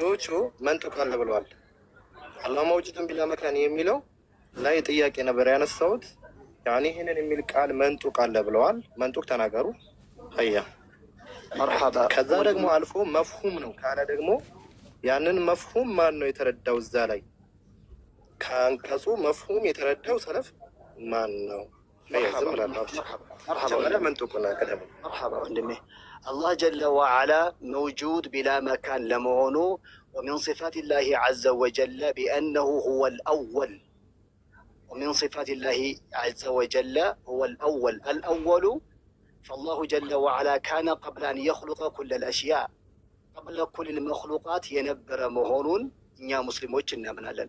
ሺዎቹ አለ ብለዋል። አላህ መውጅዱን ቢላ መካን የሚለው ላይ ጥያቄ ነበር ያነሳሁት። ያኒ ይህንን የሚል ቃል መንጡቅ አለ ብለዋል። መንጡቅ ተናገሩ። አያ ከዛ ደግሞ አልፎ መፍሁም ነው ካለ ደግሞ ያንን መፍሁም ማን ነው የተረዳው? እዛ ላይ ከአንቀጹ መፍሁም የተረዳው ሰለፍ ማን ነው? ዝም ላለ መንጡቅ ና ቀደም الله جل وعلا موجود بلا مكان لمعونه ومن صفات الله عز وجل بأنه هو الأول ومن صفات الله عز وجل هو الأول الأول فالله جل وعلا كان قبل أن يخلق كل الأشياء قبل كل المخلوقات ينبر مهون يا مسلموش نامنا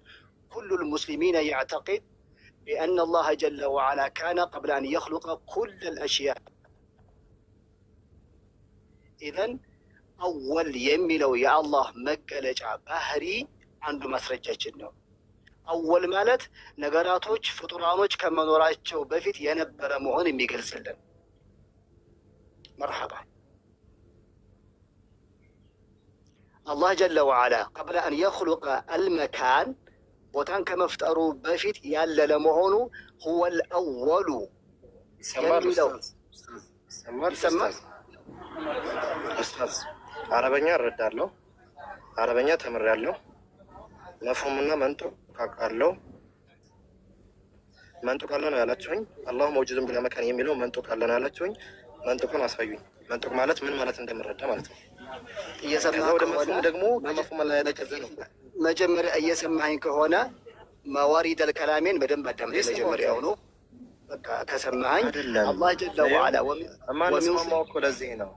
كل المسلمين يعتقد بأن الله جل وعلا كان قبل أن يخلق كل الأشياء ኢዘን አወል የሚለው የአላህ መገለጫ ባህሪ አንዱ ማስረጃችን ነው። አወል ማለት ነገራቶች ፍጡራኖች ከመኖራቸው በፊት የነበረ መሆን የሚገልጽልን። መርሐባ አላህ ጀለ ወዓላ ቀብለ አን የኽሉቀ አልመካን ቦታን ከመፍጠሩ በፊት ያለ ለመሆኑ ሁወል አወሉ የሚለው ይሰማል። ኡስታዝ አረበኛ እረዳለሁ፣ አረበኛ ተምሬያለሁ፣ መፍሁምና መንጡቅ አውቃለሁ። መንጡቅ አለ ነው ያላችሁኝ። አላሁ መውጁድን ብላ መካን የሚለው መንጡቅ አለ ነው ያላችሁኝ። መንጡቁን አሳዩኝ። መንጡቅ ማለት ምን ማለት እንደምረዳ ማለት ነው። ከዛ ወደ መፍሁም ደግሞ ከመፍሁም ላይ ያለቀዘ ነው። መጀመሪያ እየሰማኝ ከሆነ መዋሪደል ከላሜን በደንብ አዳምጠኝ መጀመሪያው ነው ከሰማኸኝ አላህ ጀለ ዋላ የማንስማማው እኮ ለዚህ ነው።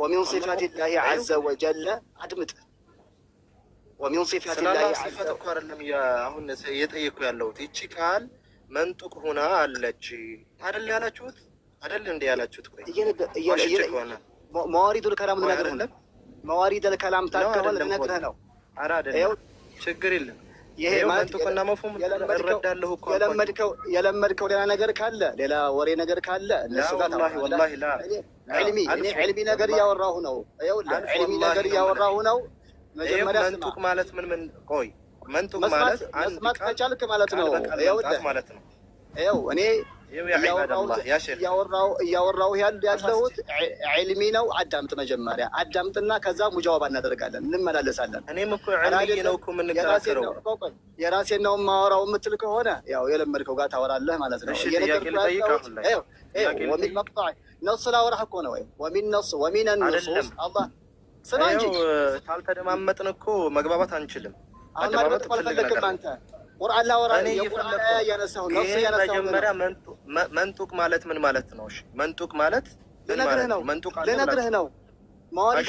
ወሚን ሲፈት ላሂ ዐዘ ወጀለ አድምጥ። ወሚን ሲፈት ስፈት እኮ አይደለም አሁን እየጠየኩ ያለሁት ይቺ ቃል መንጡቅ ሁና አለች አደል ያላችሁት አደል እንደ ያላችሁት መዋሪዱል ከላም ልነግርህ ነው። መዋሪዱል ከላም ታከበል ልነግርህ ነው። ችግር የለም ይሄ እረዳለሁ እኮ የለመድከው የለመድከው ሌላ ነገር ካለ ሌላ ወሬ ነገር ካለ እነሱ ጋር ዕልሚ እኔ ዕልሚ ነገር እያወራሁ ነው። ዕልሚ ነገር እያወራሁ ነው። መጀመሪያ መንጡቅ ማለት ምን ምን ቆይ መንጡቅ ማለት መስማት ከቻልክ ማለት ነው ማለት ነው። ይኸው እኔ እያወራው ያለሁት ዕልሚ ነው። አዳምጥ መጀመሪያ አዳምጥና ከዛ ሙጃወባ እናደርጋለን፣ እንመላለሳለን። እኔም እኮ ዕልሚ ነው እኮ የምንከራከረው። የራሴን ነው የማወራው የምትል ከሆነ ያው የለመድከው ጋር ታወራለህ ማለት ነው። ወሚን መቅጣዕ ነስ ላወራህ እኮ ነው ወይ ወሚን ነስ ወሚን ነሱስ አላህ እንጂ ካልተደማመጥን እኮ መግባባት አንችልም። አልማድመጥ አልፈለግም አንተ ቁርአን ላወራ ያነሳሁ መጀመሪያ መንጡቅ ማለት ምን ማለት ነው? እሺ መንጡቅ ማለት ልነግርህ ነው። ልነግርህ ነው። መዋሪድ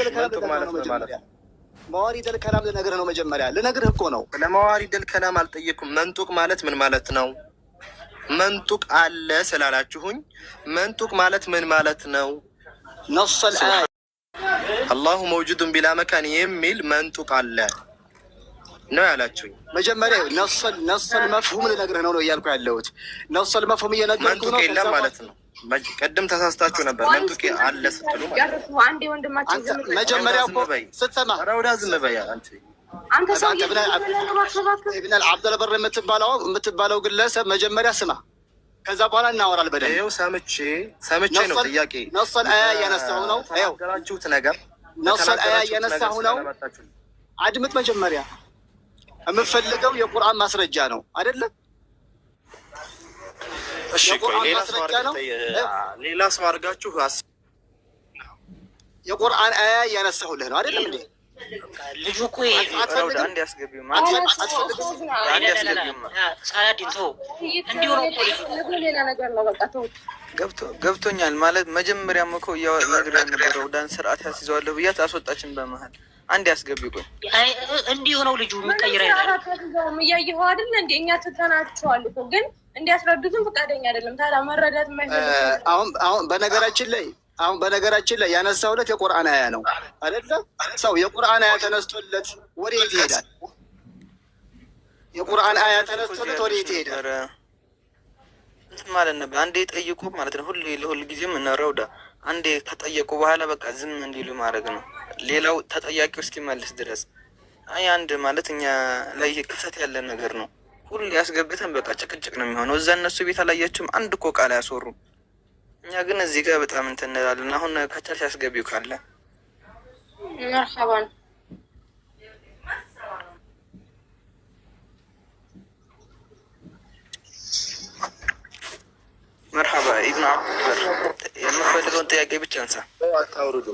ልከላም ልነግርህ ነው። መጀመሪያ ልነግርህ እኮ ነው። ለመዋሪድ ልከላም አልጠየኩም። መንጡቅ ማለት ምን ማለት ነው? መንጡቅ አለ ስላላችሁኝ መንጡቅ ማለት ምን ማለት ነው? ነሰል አያ መውጁዱን ቢላ መካን የሚል መንጡቅ አለ ነው ያላችሁኝ። መጀመሪያ ነፍሰል መፍሁም ልነግርህ ነው ነው እያልኩ ያለሁት ነፍሰል መፍሁም እየነገርኩ ነው የለም ማለት ነው። ቅድም ተሳስታችሁ ነበር። መንጡቄ አለ ስትሉ መጀመሪያ እኮ ስትሰማ ረውዳ ዝም በያ ብናል አብደልበር የምትባለው የምትባለው ግለሰብ መጀመሪያ ስማ፣ ከዛ በኋላ እናወራል። በደንብ ይኸው ሰምቼ ሰምቼ ነው ጥያቄ ነፍሰል አያ እያነሳሁ ነው። ይኸው ነገራችሁት ነገር ነፍሰል አያ እያነሳሁ ነው። አድምጥ መጀመሪያ የምፈልገው የቁርአን ማስረጃ ነው አይደለም? እሺ ሌላ ሰው አድርጋችሁ የቁርአን አያ እያነሳሁልህ ነው አይደለም እንዴ? ልጁ እኮ አንድ ገብቶኛል። ማለት መጀመሪያም እኮ እያወራ ነበረው ዳን ስርዓት ያስይዘዋለሁ ብያት አስወጣችን በመሀል አንድ ያስገቢ። ቆይ እንዲሁ ነው ልጁ የሚቀይረው አይደለም፣ እያየኸው አይደለ? እንደ እኛ ትተናቸዋል እኮ ግን እንዲያስረዱትም ፈቃደኛ አይደለም። ታዲያ መረዳት አሁን አሁን በነገራችን ላይ አሁን በነገራችን ላይ ያነሳውለት የቁርአን አያ ነው አይደለ? ሰው የቁርአን አያ ተነስቶለት ወዴት ይሄዳል? የቁርአን አያ ተነስቶለት ወዴት ይሄዳል ማለት ነበር። አንዴ ጠይቁ ማለት ነው። ሁሉ ለሁሉ ጊዜም እናረውዳ አንዴ ከጠየቁ በኋላ በቃ ዝም እንዲሉ ማድረግ ነው። ሌላው ተጠያቂው እስኪመልስ ድረስ አይ አንድ ማለት እኛ ላይ ክፍተት ያለን ነገር ነው። ሁሉ ያስገብተን በቃ ጭቅጭቅ ነው የሚሆነው። እዛ እነሱ ቤት አላያችሁም፣ አንድ እኮ ቃል አያስወሩም። እኛ ግን እዚህ ጋር በጣም እንትን እንላለን። አሁን ከቻልሽ ያስገቢው ካለ መርሐባን መርሐባ አብዱበር የምፈልገውን ጥያቄ ብቻ እንሳ አታውርዱ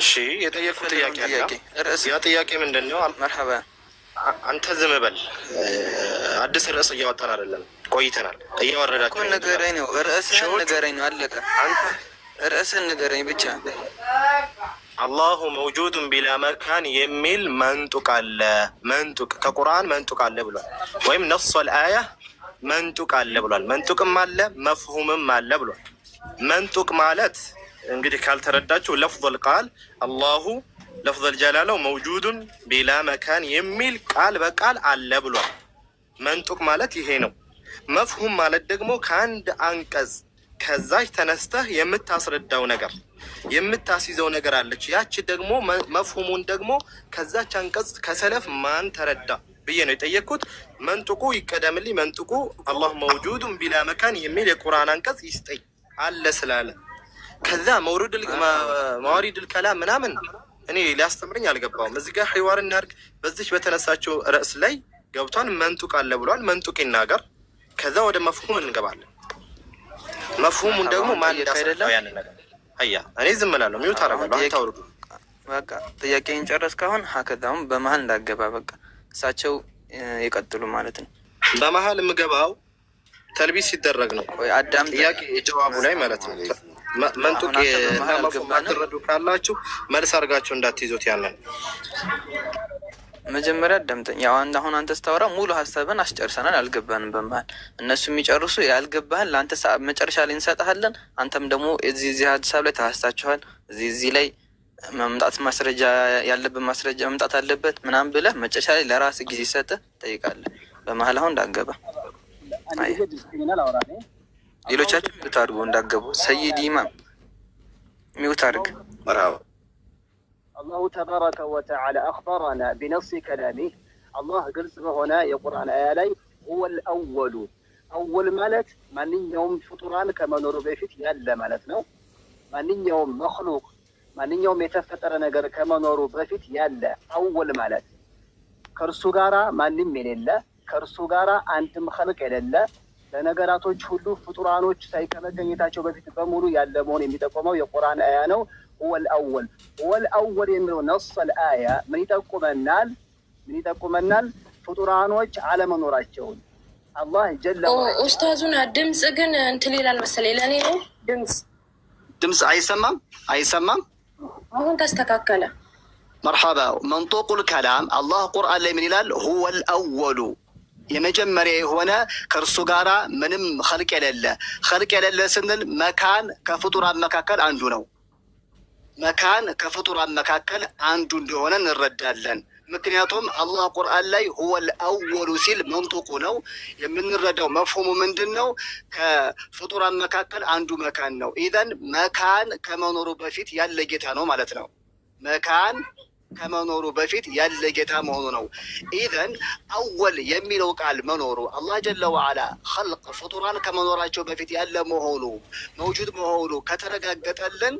እሺ የጠየቁት ጥያቄ አለ። ያ ጥያቄ ምንድን ነው? መርሐባ አንተ ዝም በል። አዲስ ርዕስ እያወጣን አይደለም፣ ቆይተናል። እያወረዳችሁ እኮ ንገረኝ ነው። ርዕስህን ንገረኝ ነው። አለቀ። ርዕስህን ንገረኝ ብቻ። አላሁ መውጁድን ቢላ መካን የሚል መንጡቅ አለ። መንጡቅ ከቁርአን መንጡቅ አለ ብሏል። ወይም ነፍሷል ልአያ መንጡቅ አለ ብሏል። መንጡቅም አለ መፍሁምም አለ ብሏል። መንጡቅ ማለት እንግዲህ ካልተረዳችሁ ለፍዘል ቃል አላሁ ለፍዘል ጀላለው መውጁዱን ቢላ መካን የሚል ቃል በቃል አለ ብሏል። መንጡቅ ማለት ይሄ ነው። መፍሁም ማለት ደግሞ ከአንድ አንቀጽ ከዛች ተነስተህ የምታስረዳው ነገር የምታስይዘው ነገር አለች። ያች ደግሞ መፍሁሙን ደግሞ ከዛች አንቀጽ ከሰለፍ ማን ተረዳ ብዬ ነው የጠየቅኩት። መንጡቁ ይቀደምልኝ። መንጡቁ አላሁ መውጁዱን ቢላ መካን የሚል የቁርአን አንቀጽ ይስጠኝ አለ ስላለ ከዛ መውሪድ መዋሪድ ልከላም ምናምን እኔ ሊያስተምረኝ አልገባውም። እዚህ ጋር ሕዋር እናርግ በዚች በተነሳቸው ርዕስ ላይ ገብቷን መንጡቅ አለ ብሏል። መንጡቅ ይናገር። ከዛ ወደ መፍሁም እንገባለን። መፍሁሙን ደግሞ ማን እንዳሰፋው ያንን ነገር አያ እኔ ዝም እላለሁ። ሚዩት አደርጋለሁ። አታውርዱ። በቃ ጥያቄን ጨረስ። ካሁን ሀከታሁን በመሀል እንዳገባ በቃ እሳቸው ይቀጥሉ ማለት ነው። በመሀል የምገባው ተልቢስ ሲደረግ ነው። አዳም ጥያቄ ጀዋቡ ላይ ማለት ነው መንጡቅ ማትረዱ ካላችሁ መልስ አድርጋችሁ እንዳትይዙት። ያንን መጀመሪያ አዳምጠኝ። አሁን አንተ ስታወራ ሙሉ ሀሳብን አስጨርሰናል፣ አልገባንም በመሀል እነሱ የሚጨርሱ ያልገባህን ለአንተ መጨረሻ ላይ እንሰጥሃለን። አንተም ደግሞ እዚህ እዚህ ሀሳብ ላይ ተሳስታችኋል፣ እዚህ እዚህ ላይ መምጣት ማስረጃ ያለብን ማስረጃ መምጣት አለበት ምናምን ብለህ መጨረሻ ላይ ለራስ ጊዜ ሰጥተህ ትጠይቃለህ። በመሀል አሁን እንዳገባ ሌሎቻችሁ ሚውት አድርጎ እንዳገቡ ሰይድ ኢማም ሚውት አድርግ። መርሃባ አላሁ ተባረከ ወተዓላ አክበረና ቢነስ ከላሚህ አላህ ግልጽ በሆነ የቁርአን አያ ላይ ሁወል አወሉ አወል ማለት ማንኛውም ፍጡራን ከመኖሩ በፊት ያለ ማለት ነው። ማንኛውም መክሉቅ ማንኛውም የተፈጠረ ነገር ከመኖሩ በፊት ያለ አወል ማለት ከእርሱ ጋራ ማንም የሌለ ከእርሱ ጋራ አንድም ኸልቅ የሌለ ለነገራቶች ሁሉ ፍጡራኖች ሳይከመገኘታቸው በፊት በሙሉ ያለ መሆን የሚጠቆመው የቁርአን አያ ነው። ወል አወል ወል አወል የሚለው ነሰል አያ ምን ይጠቁመናል? ምን ይጠቁመናል? ፍጡራኖች አለመኖራቸውን አላህ ጀለ ኡስታዙና ድምፅ ግን እንትን ይላል መሰለኝ። ለእኔ ነው ድምፅ ድምፅ አይሰማም፣ አይሰማም። አሁን ተስተካከለ። መርሐባ መንጦቁል ከላም አላህ ቁርአን ላይ ምን ይላል? ሁወል አወሉ የመጀመሪያ የሆነ ከእርሱ ጋራ ምንም ኸልቅ የሌለ ኸልቅ የሌለ ስንል መካን ከፍጡራን መካከል አንዱ ነው። መካን ከፍጡራን መካከል አንዱ እንደሆነ እንረዳለን። ምክንያቱም አላህ ቁርአን ላይ ሁወል አወሉ ሲል መንጡቁ ነው የምንረዳው። መፍሁሙ ምንድን ነው? ከፍጡራን መካከል አንዱ መካን ነው። ኢዘን መካን ከመኖሩ በፊት ያለ ጌታ ነው ማለት ነው። መካን ከመኖሩ በፊት ያለ ጌታ መሆኑ ነው። ኢዘን አወል የሚለው ቃል መኖሩ አላህ ጀለ ዋዓላ ኸልቅ ፍጡራን ከመኖራቸው በፊት ያለ መሆኑ መውጁድ መሆኑ ከተረጋገጠልን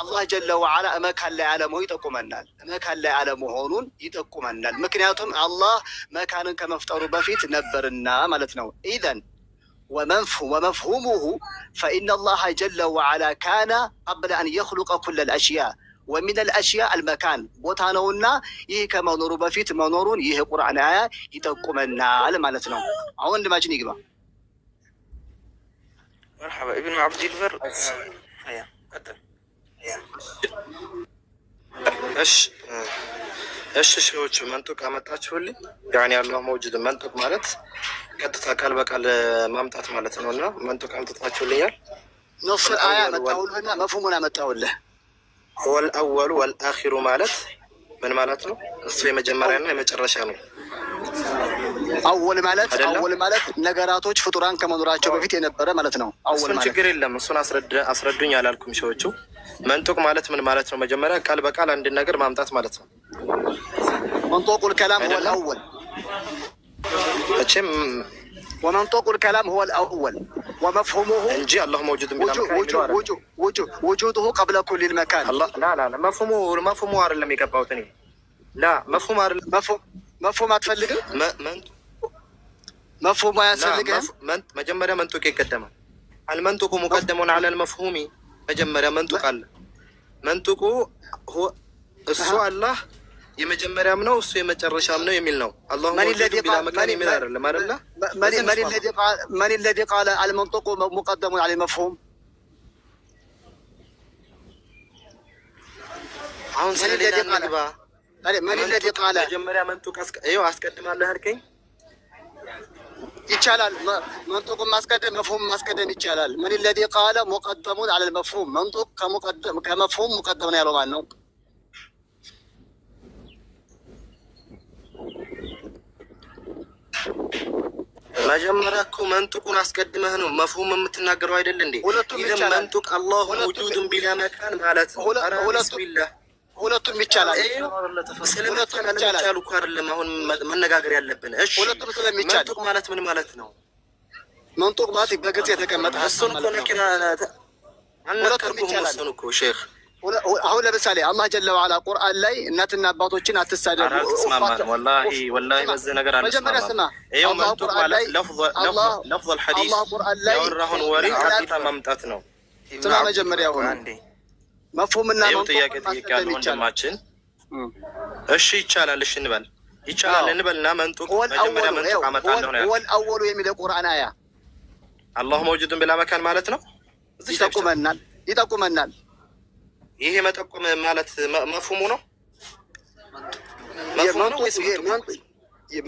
አላህ ጀለ ዋዓላ መካን ላይ አለመሆኑ ይጠቁመናል። መካን ላይ አለመሆኑን ይጠቁመናል። ምክንያቱም አላህ መካንን ከመፍጠሩ በፊት ነበርና ማለት ነው። ኢዘን ወመፍሁሙሁ ፈኢነ አላህ ጀለ ዋዓላ ካነ ቀብለ አን የኽሉቀ ኩለል አሽያ ومن الأشياء المكان وتانونا يه كما نورو بفيت ما نورون يه قرآن آية يتقوم النال مالتنا عون لما جنيك مرحبا ابن عبد جيلفر هيا قدم ايش ايش شيوچ منطق አመጣችሁ ሁሉ يعني الله موجود منطق مالت قدت አካል በቃል ማምጣት ማለት ነውና منطق አመጣችሁ ለያል ነው ፍርአያ መጣውልህና መፍሙን አመጣውልህ ወልአወሉ ወልአኪሩ ማለት ምን ማለት ነው? እሱ የመጀመሪያና የመጨረሻ ነው። አወል ማለት አወል ማለት ነገራቶች ፍጡራን ከመኖራቸው በፊት የነበረ ማለት ነው። እሱን ችግር የለም እሱን አስረዱኝ አላልኩም። ሰዎቹ መንጦቅ ማለት ምን ማለት ነው? መጀመሪያ ቃል በቃል አንድን ነገር ማምጣት ማለት ነው። መንጦቁል ከላም ወልአወል መቼም ومنطوق الكلام هو الاول ومفهومه الجي الله موجود وجو وجو وجو وجو وجو وجوده قبل كل المكان الله لا لا لا مفهومه مفهومه ار لم يكباوتني لا مفهوم ار مفهوم مفهوم اتفلق ما من مفهوم يا سلك من مجمره من توك يقدم المنطق مقدم على المفهوم مجمره من توك من توك هو السؤال الله የመጀመሪያም ነው እሱ የመጨረሻም ነው የሚል ነው። አላሁ መውጁዱ ቢላ መካን የሚል አይደለም አይደለ? መን ለዚ ቃለ አልመንጡቁ ሙቀደሙን አለ መፍሁም አሁን ስለ ሌላ ንግባ። መን ለዚ ቃለ መጀመሪያ መንጡቅ አስቀድማለህ አልከኝ። ይቻላል መንጡቁ ማስቀደም መፍሁም ማስቀደም ይቻላል። መን ለዚ ቃለ ሙቀደሙን አለ መፍሁም መንጡቅ ከመፍሁም ሙቀደም ነው ያለው ማለት ነው። መጀመሪያ እኮ መንጡቁን አስቀድመህ ነው መፍሁም የምትናገረው አይደል እንዴ? ይህም መንጡቅ አላሁ ውጁድን ቢላ መካን ማለት ነው። ቢላ ሁለቱም ይቻላል። ስለመቻል አለመቻሉ እኮ አይደለም አሁን መነጋገር ያለብን። እሺ መንጡቅ ማለት ምን ማለት ነው? መንጡቅ ማለት በግልጽ የተቀመጠ እሱን እኮ ነኪና አነከርኩህም እሱን እኮ ሼክ አሁን ለምሳሌ አላህ ጀለ ዋላ ቁርአን ላይ እናትና አባቶችን አትሳደቡ። እሺ ይቻላል፣ እሺ እንበል ይቻላል እንበልና መንጡቅ መጀመሪያ መንጡቅ አመጣለሁ ነው ወል አወሉ የሚለው ቁርአን አያ አላሁ መውጁድን ብላ መካን ማለት ነው። ይጠቁመናል ይጠቁመናል ይሄ መጠቆም ማለት መፍሁሙ ነው።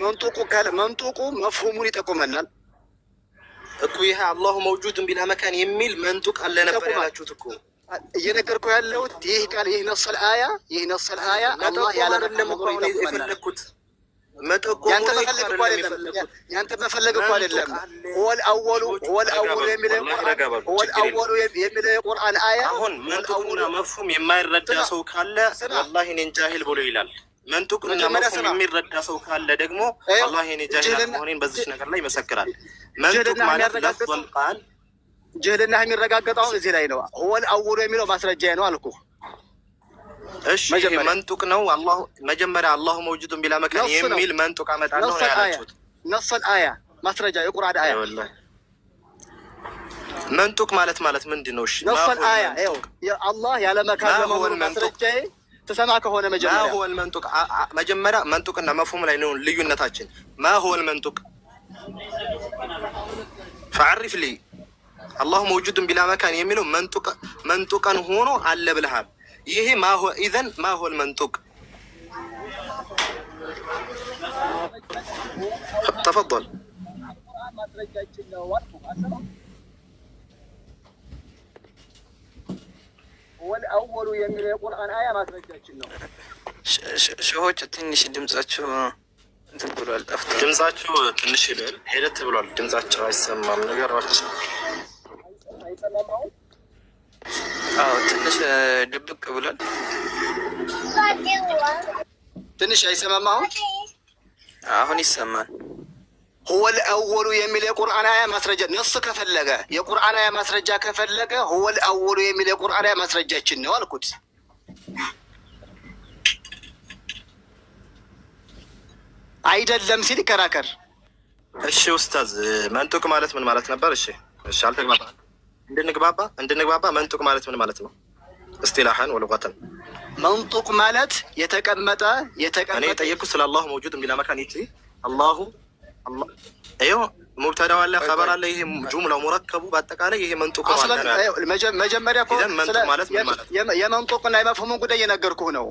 መንጡቁ ካለ መንጡቁ መፍሁሙን ይጠቁመናል እኮ ይሄ አላሁ መውጁድን ቢላ መካን የሚል መንጡቅ አለ ነበር ያላችሁት እኮ እየነገርኩ ያለሁት ይህ ቃል ይህ ነሰል አያ ይህ ነሰል አያ አላህ ያለ ነው የፈለግኩት ያንተ መፈለግ እኮ አይደለም። ያንተ መፈለግ እኮ አይደለም። ወል አወሉ ወል አወሉ የሚለው ወል አወሉ የሚለው የቁርአን አያ አሁን መንጡቅና መፍሁም የማይረዳ ሰው ካለ ወላሂ እኔን ጃሂል ብሎ ይላል። መንጡቅና መፍሁም የሚረዳ ሰው ካለ ደግሞ ወላሂ እኔ ጃሂል መሆኔን በዚህ ነገር ላይ ይመሰክራል። መንጡቅ ማለት ለፍን ቃል ጅህልና የሚረጋገጠው አሁን እዚህ ላይ ነው። ወል አወሉ የሚለው ማስረጃ ነው አልኩ እሺ መንጡቅ ነው። አላሁ መጀመሪያ አላሁ መውጁዱን ቢላ መካን የሚል መንጡቅ አመጣለሁ ነው ያላችሁት። ነሰል አያ ማስረጃ የቁርአን አያ መንጡቅ ማለት ማለት ምንድን ነው? እሺ ነሰል አያ ይኸው አላህ ያለ መካን ለመሆኑ ማስረጃዬ ተሰማ ከሆነ መጀመሪያ ማሆል መንጡቅ መጀመሪያ መንጡቅና መፍሁም ላይ ነው ልዩነታችን። ማሆል መንጡቅ ፈዓሪፍ ሊ አላሁ መውጁዱን ቢላ መካን የሚለው መንጡቀን ሆኖ አለ ብልሃል ይሄ ኢዘን ማሆል መንጡቅ ተፈል ወልአወሉ የሚለው የቁርአን አያ ማስረጃችን ነው። ሸሆች ትንሽ ድምጻችሁ እንትን ብሏል፣ ጠፍቷል። ድምጻችሁ ትንሽ ሄደት ብሏል። ድምጻችሁ አይሰማም። ነገር አይሰማም። አዎ ትንሽ ድብቅ ብሏል። ትንሽ አይሰማም። አሁን አሁን ይሰማል። ሁወል አወሉ የሚል የቁርአን አያ ማስረጃ ነሱ ከፈለገ የቁርአን አያ ማስረጃ ከፈለገ ሁወል አወሉ የሚል የቁርአን አያ ማስረጃችን ነው አልኩት። አይደለም ሲል ይከራከር። እሺ ኡስታዝ መንጡቅ ማለት ምን ማለት ነበር? እሺ እሺ አልተግባባል እንድንግባባ እንድንግባባ መንጡቅ ማለት ምን ማለት ነው? እስጢላሐን ወልቀተን መንጡቅ ማለት የተቀመጠ የተቀመጠ። እኔ የጠየቅኩት ስለ አላሁ መውጁድ የሚል መካን ይቺ አላሁ ይኸው ሙብተዳው አለ ኸበር አለ። ይሄ ጁምላው ሙረከቡ በአጠቃላይ ይሄ መንጡቅ መጀመሪያ እኮ የመንጡቅና የመፍሁሙን ጉዳይ የነገርኩህ ነው።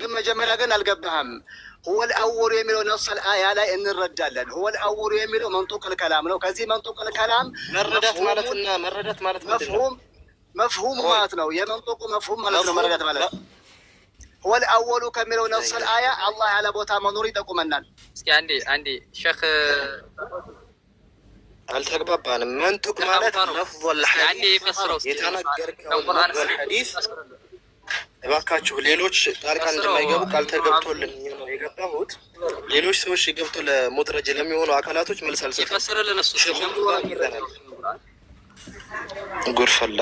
ግን መጀመሪያ ግን አልገባህም። ሁወል አወሉ የሚለው ነፍሰል አያ ላይ እንረዳለን። ሁወል አወሉ የሚለው መንጡቅል ከላም ነው። ከዚህ መንጡቅል ከላም መረዳት ማለትና መረዳት ማለት መፍሁም መፍሁም ማለት ነው። የመንጡቁ መፍሁም ማለት ነው። መረዳት ማለት ሁወል አወሉ ከሚለው ነፍሰል አያ አላህ ያለ ቦታ መኖር ይጠቁመናል። እስኪ አንዴ አንዴ ሸክ አልተግባባንም። መንጡቅ ማለት መፍል የተነገርከውን ሐዲስ እባካችሁ ሌሎች ጣልቃ እንደማይገቡ ቃል ተገብቶልን የገባሁት። ሌሎች ሰዎች የገብቶ ለሞጥረጅ ለሚሆኑ አካላቶች መልስ አልሰጠናል። ጉርፈላ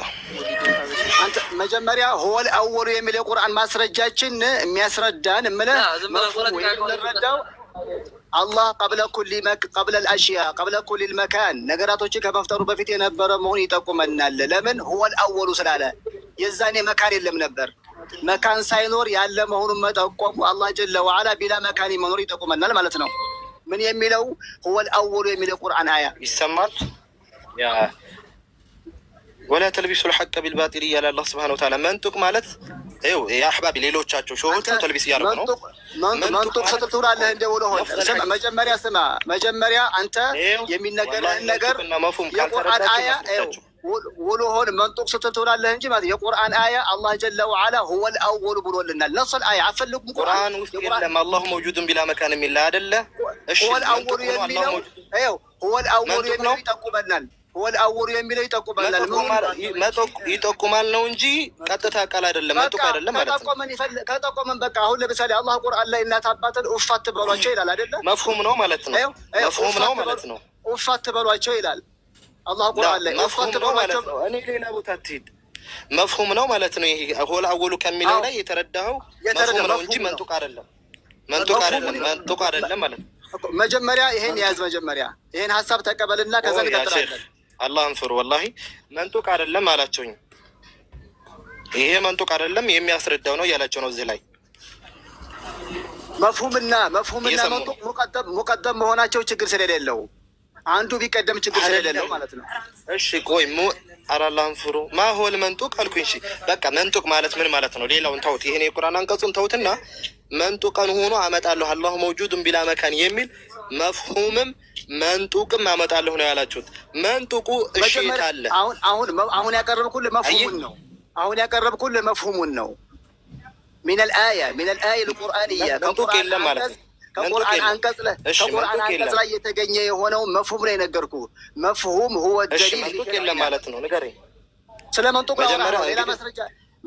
መጀመሪያ ሆል አወሉ የሚል የቁርአን ማስረጃችን የሚያስረዳን ምለ አላህ ቀብለል አሽያ ቀብለ ኩሊል መካን ነገራቶች ከመፍጠሩ በፊት የነበረ መሆን ይጠቁመናል። ለምን ሁወል አወሉ ስላለ የዛኔ መካን የለም ነበር። መካን ሳይኖር ያለ መሆኑን መጠቆሙ አላህ ጀለ ዋዓላ ቢላ መካን መኖር ይጠቁመናል ማለት ነው። ምን የሚለው ሁወል አወሉ የሚለው ቁርአን አያ ይሰማል። ወላ ተልቢሱ ልሐቀ ቢልባጢል እያለ አላህ ስብሃነ ወተዓላ መንጡቅ ማለት የአሕባቢ ሌሎቻቸው ሾዎቹ ተልቢስ እያደረጉ ነው። መንጡቅ ፍጥር ትውላለህ እንደውሎ ሆነ መጀመሪያ ስማ፣ መጀመሪያ አንተ የሚነገርህን ነገር የቁርአን አያ ውሎ ሆን መንጡቅ ስትል ትውላለህ እንጂ ማለት የቁርአን አያ አላህ ጀለ ወዓላ ሁወል አወሉ ብሎልናል። ነሱል አያ አፈልጉም ቁርአን ውስጥ የለም። አላሁ መውጁድን ቢላ መካን የሚል አይደለ? ሁወል አወሉ የሚለው ይኸው ሁወል የሚለው ይጠቁመናል ወል አወሩ የሚለው ይጠቁማል ይጠቁማል ነው እንጂ ቀጥታ ቃል አይደለም፣ መጡቅ አይደለም ማለት ነው። ከጠቆመን በቃ አሁን ለምሳሌ አላህ ቁርአን ላይ እናት አባትን ኡፍ አትበሏቸው ይላል አይደለ? መፍሁም ነው ማለት ነው። መፍሁም ነው ማለት ነው። ኡፍ አትበሏቸው ይላል አላህ ቁርአን ላይ ኡፍ አትበሏቸው። እኔ ሌላ ቦታ አትሂድ መፍሁም ነው ማለት ነው። ይሄ ሆል አወሉ ከሚለው ላይ የተረዳኸው መፍሁም ነው እንጂ መንጡቅ አይደለም። መንጡቅ አይደለም። መንጡቅ አይደለም ማለት ነው። መጀመሪያ ይሄን ያዝ። መጀመሪያ ይሄን ሀሳብ ተቀበልና ከዛ ልቀጥላለን። አላህን ፍሩ። ወላሂ መንጡቅ አይደለም አላቸውኝ። ይሄ መንጡቅ አይደለም የሚያስረዳው ነው እያላቸው ነው። እዚህ ላይ መፍሁምና መፍሁምና መንጡቅ ሙቀደም መሆናቸው ችግር ስለሌለው አንዱ ቢቀደም ችግር ስለሌለው ማለት ነው። እሺ ቆይ ሙ አላህን ፍሩ ማሆል መንጡቅ አልኩኝ። እሺ በቃ መንጡቅ ማለት ምን ማለት ነው? ሌላውን ተውት። ይሄን የቁርአን አንቀጹን ተውትና መንጡቀን ሆኖ አመጣለሁ አላሁ መውጁድን ቢላ መካን የሚል መፍሁምም መንጡቅም አመጣለሁ ነው ያላችሁት። መንጡቁ እሽት አለ። አሁን አሁን ያቀረብኩልህ መፍሁሙን ነው። አሁን ያቀረብኩልህ መፍሁሙን ነው። ሚነል አያ ሚነል አያ ልቁርአንያ መንጡቅ የለም ማለት ነው። ከቁርአን አንቀጽ ላይ ከቁርአን አንቀጽ ላይ የተገኘ የሆነው መፍሁም ነው የነገርኩህ። መፍሁም ሁወ ደሊል መንጡቅ የለም ማለት ነው። ንገረኝ ስለ መንጡቅ። ሌላ ማስረጃ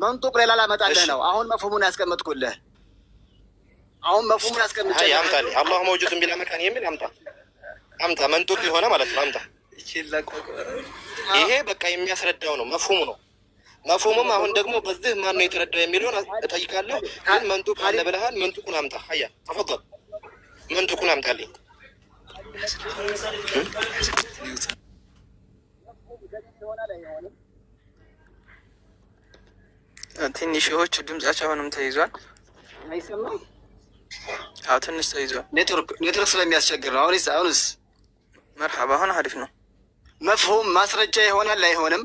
መንጡቅ ሌላ ላመጣልህ ነው። አሁን መፍሁሙን ያስቀመጥኩልህ አሁን መፍሁሙን አስቀምጫ አምጣ። አላህ መውጁድን ቢላ መካን የሚል አምጣ አምጣ። መንጡቅ የሆነ ማለት ነው። አምጣ። ይሄ በቃ የሚያስረዳው ነው፣ መፍሁሙ ነው። መፍሁሙም አሁን ደግሞ በዚህ ማን ነው የተረዳው የሚለውን እጠይቃለሁ። ግን መንጡቅ አለ ብለሃል። መንጡቁን አምጣ። ሀያ ተፈል መንጡቁን አምጣልኝ። ትንሽዎች ድምጻቸው አሁንም ተይዟል፣ አይሰማም ትንሽ ተይዟል። ኔትወርክ ስለሚያስቸግር ነው። አሁንስ አሁንስ መርሓባ አሁን አሪፍ ነው። መፍሁም ማስረጃ ይሆናል አይሆንም?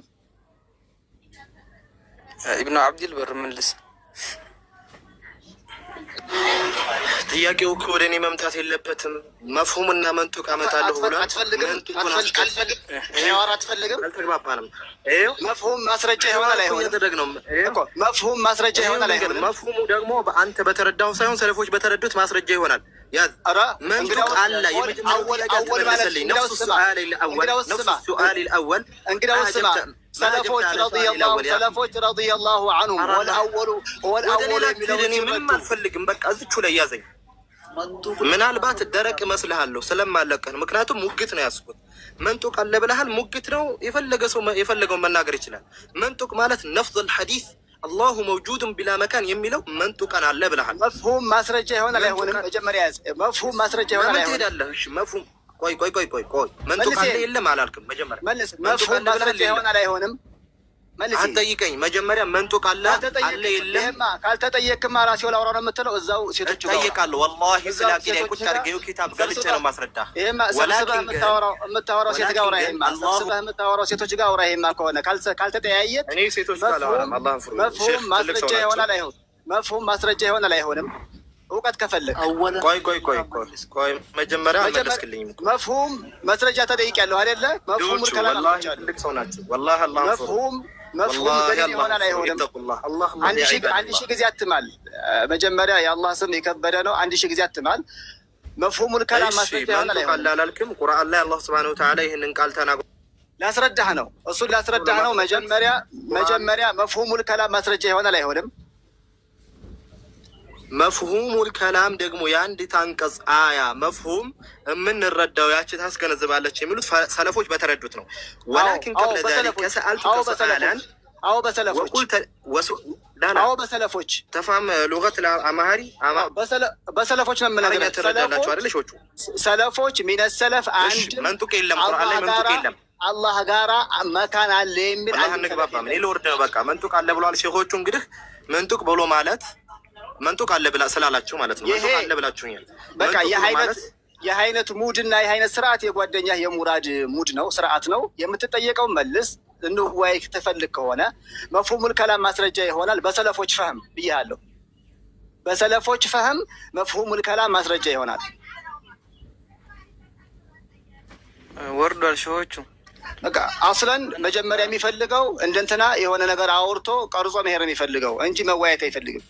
ኢብኑ አብዲል በር መልስ። ጥያቄው እኮ ወደ እኔ መምታት የለበትም። መፍሁምና መንጡቅ አመጣለሁ ብሏል። አትፈልግም፣ ማስረጃ ይሆናል ይሆናል መፍሁሙ ደግሞ አንተ በተረዳው ሳይሆን ሰለፎች በተረዱት ማስረጃ ይሆናል። መንጡቅ አለ አወል ሰለፎች ረዲየላሁ አንሁም ወልአወሉ ወልአወሉ የሚለውን ምንም አልፈልግም። በቃ እዝቹ ላይ ያዘኝ። ምናልባት ደረቅ እመስልሃለሁ ስለማለቀህ ምክንያቱም ሙግት ነው ያስኩት። መንጡቅ አለ ብለሃል፣ ሙግት ነው። የፈለገ ሰው የፈለገውን መናገር ይችላል። መንጡቅ ማለት ነፍዙል ሐዲስ አላሁ መውጁድን ቢላ መካን የሚለው መንጡቀን አለ ብለሃል። መፍሁም ማስረጃ ይሆናል አይሆንም? መጀመሪያ መፍሁም ማስረጃ ይሆናል አይሆንም? ትሄዳለህ መፍሁም ቆይ ቆይ ቆይ ቆይ ቆይ መንቱ ካለ የለም አላልክም። መጀመሪያ አትጠይቀኝ። መጀመሪያ መንቱ ካለ አለ የለም። ካልተጠየቅማ ራሴው ላውራ ነው የምትለው። እዛው ሴቶች እጠይቃለሁ። ወላሂ ስላቂ ላይ ቁጭ አድርገህ ኪታብ ገልጬ ነው የማስረዳህ። ሰብስበህ የምታወራው ሴት ጋር አውራ። ይሄማ ሰብስበህ የምታወራው ሴቶች ጋር አውራ። ይሄማ ከሆነ ካልተጠያየት መፍሁም ማስረጃ ይሆናል አይሆንም። መፍሁም ማስረጃ ይሆናል አይሆንም እውቀት ከፈለግ ቆይ ቆይ ቆይ ቆይ መጀመሪያ መለስክልኝ መፍሁም መስረጃ ተጠይቅ ያለው አይደለ? መፍሁም ትልቅ ሰው ናቸው። መፍሁም አንድ ሺህ ጊዜ አትማል። መጀመሪያ የአላህ ስም የከበደ ነው። አንድ ሺህ ጊዜ አትማል። መፍሁሙል ከላም ማስረጃ ይሆናል አላልክም? ቁርአን ላይ አላህ ስብሐነሁ ወተዓላ ይህንን ቃል ተናግሮ ላስረዳህ ነው። እሱን ላስረዳህ ነው። መጀመሪያ መጀመሪያ መፍሁሙል ከላም ማስረጃ ይሆናል አይሆንም? መፍሁሙል ከላም ደግሞ የአንዲት አንቀጽ አያ መፍሁም የምንረዳው ያቺ ታስገነዝባለች የሚሉት ሰለፎች በተረዱት ነው። ወላኪን ቀብለ ዛሊከ ሰአልቱ ተሰአላን አዎ በሰለፎች ተፋም ሉገት አማሪ በሰለፎች ነው የምናገኘው። ትረዳላችሁ አይደል? ሾቹ ሰለፎች ሚነሰለፍ አንድ መንጡቅ የለም፣ ቁርአን ላይ መንጡቅ የለም። አላህ ጋራ መካን አለ የሚል አንግባባ። እኔ ልወርድ ነው በቃ። መንጡቅ አለ ብለዋል ሼሆቹ እንግዲህ መንጡቅ ብሎ ማለት መንጦቅ አለ ብላ ስላላችሁ ማለት ነው። መንጦቅ አለ ብላችሁኛል። በቃ የሀይነት የሀይነት ሙድ እና የሀይነት ስርዓት የጓደኛ የሙራድ ሙድ ነው፣ ስርዓት ነው። የምትጠየቀው መልስ እንዋይ ትፈልግ ከሆነ መፍሁሙል ከላም ማስረጃ ይሆናል። በሰለፎች ፈህም ብያለሁ። በሰለፎች ፈህም መፍሁሙል ከላም ማስረጃ ይሆናል። ወርዷል ሸዎቹ በቃ አስለን መጀመሪያ የሚፈልገው እንደንትና የሆነ ነገር አውርቶ ቀርጾ መሄድ የሚፈልገው እንጂ መወያየት አይፈልግም።